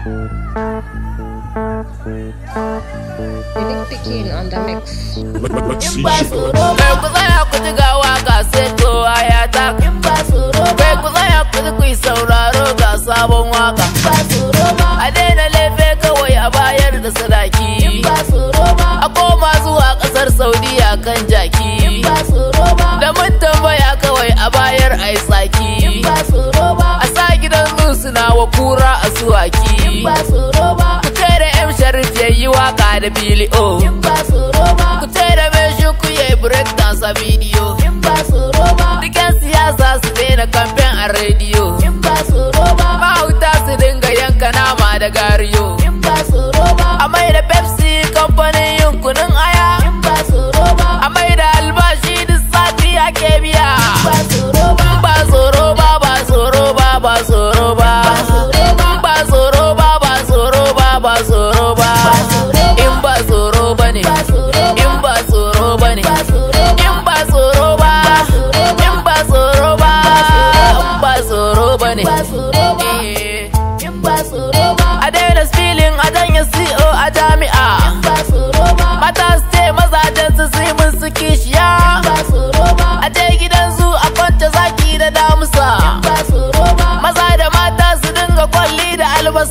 In ba tsoro bai ku tsaya ku ji gawa ga ya ta. In ba ku tsaya sauraro ga sabon waka. In ba tsoro a daina laife kawai a bayar da sadaki. In a koma zuwa ƙasar Saudiya kan jaki. da mun tambaya kawai a bayar a yi tsaki. wa kura a suwaki ku kai da yan sharif ya yi waka da bilio o. ku tai da mai shuku ya yi break dance a bidiyo ba siyasa su daina kamfen a rediyo ba mahauta su dinga yanka nama da gariyo a mai da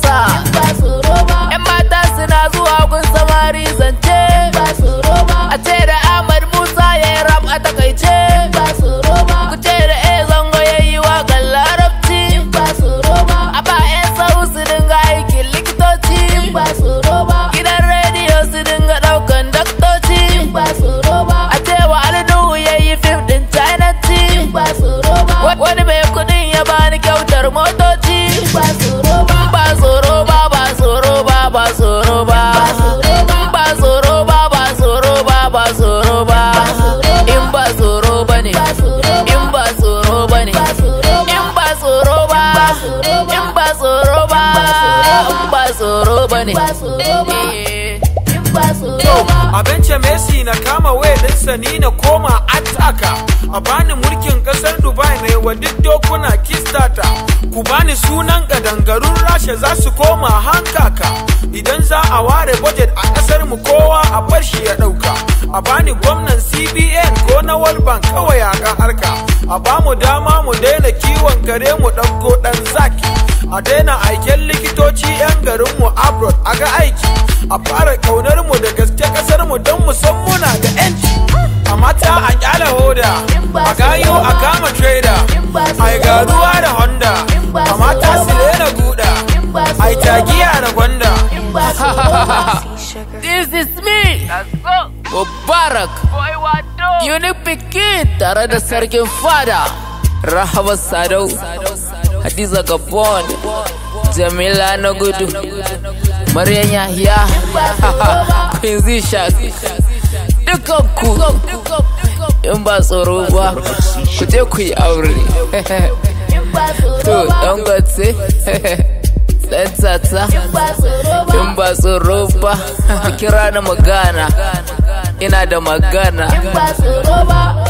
Mustafa. in messi na kama wayinsa sani na koma ataka a bani mulkin kasar dubai ne wa duk dokuna kistata ku bani sunan gadangarun rasha za su koma hankaka idan za a ware budget a kasar mu kowa a barshi ya dauka a bani gwamnan cbn ko na world bank kawai a harka a bamu dama mu daina kiwon kare mu ɗauko ɗan zaki a daina aiken likitoci 'yan garin mu abroad a ga aiki a fara kaunar mu da gaske ƙasar mu don mu san muna da 'yanci a mata a kyala hoda a gayo a kama trader a garuwa da honda a mata su daina guda a tagiya da gwanda This is me! Let's go! Mubarak Unique Pikin tare da sarkin fada Rahama Sadau Hadiza Gabon Jamila Nagudu, Maria Maryam Yahya Queen Zishak Dukan ku in ba tsoro ba ku je ku yi aure to don gatse tsatsa, in ba tsoro ba kira na magana ina da magana. In ba su roba.